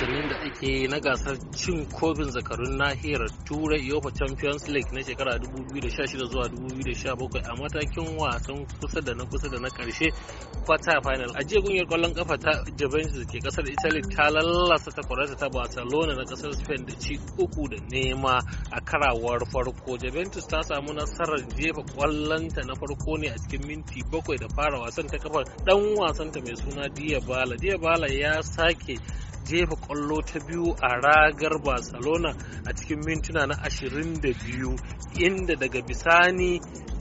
wasannin da ake na gasar cin kofin zakarun nahiyar turai yofa champions league na shekara 2016 zuwa 2017 a matakin wasan kusa da na kusa da na karshe kwata final a jiya kungiyar kwallon kafa ta juventus ke kasar italy ta lallasa ta kwarata ta barcelona na kasar spain da ci uku da nema a karawar farko juventus ta samu nasarar jefa kwallonta na farko ne a cikin minti bakwai da fara wasan ta kafa dan wasan ta mai suna diabala diabala ya sake jefa kwallo ta biyu a ragar barcelona a cikin mintuna na 22 inda daga bisani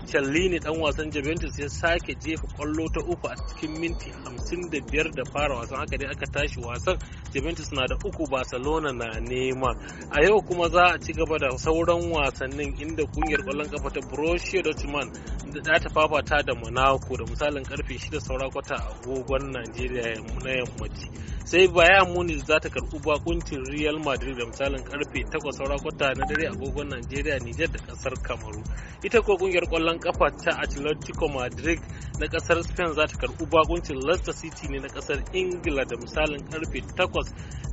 Cellini dan wasan Juventus ya sake jefa kwallo ta uku a cikin minti 55 da fara wasan haka dai aka tashi wasan Juventus na da uku Barcelona na nema a yau kuma za a ci gaba da sauran wasannin inda kungiyar kwallon kafa ta Borussia Dortmund da ta fafata da Monaco da misalin karfe 6 saura kwata a agogon nigeria na yammaci sai bayan muni za ta karɓi bakuncin real madrid da misalin karfe 8 saura na dare agogon nigeria nijar da kasar kamaru ita ko kungiyar kwallon kafa ta atlantico madrid na kasar spain za ta karɓi bakuncin leicester city ne na kasar ingila da misalin karfe 8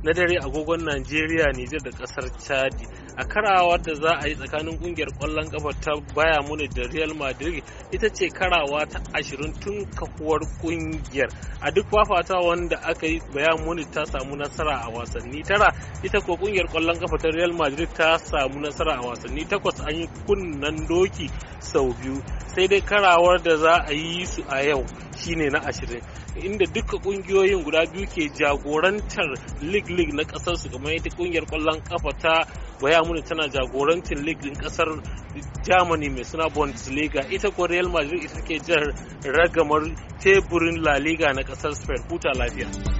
na dare agogon nigeria nijar da kasar chadi a karawa da za a yi tsakanin kungiyar kwallon kafa ta baya muni da real madrid ita ce karawa ta 20 tun kafuwar kungiyar a duk fafata wanda aka yi bayan munich ta samu nasara a wasanni tara ita ko kungiyar kwallon kafa ta real madrid ta samu nasara a wasanni takwas an yi kunnen doki sau biyu sai dai karawar da za a yi su a yau shine na ashirin inda duka kungiyoyin guda biyu ke jagorantar league league na kasar su kamar yadda kungiyar kwallon kafa ta muni tana jagorantar league din kasar germany mai suna bundesliga ita ko real madrid ita ke jar ragamar teburin la liga na kasar spain huta lafiya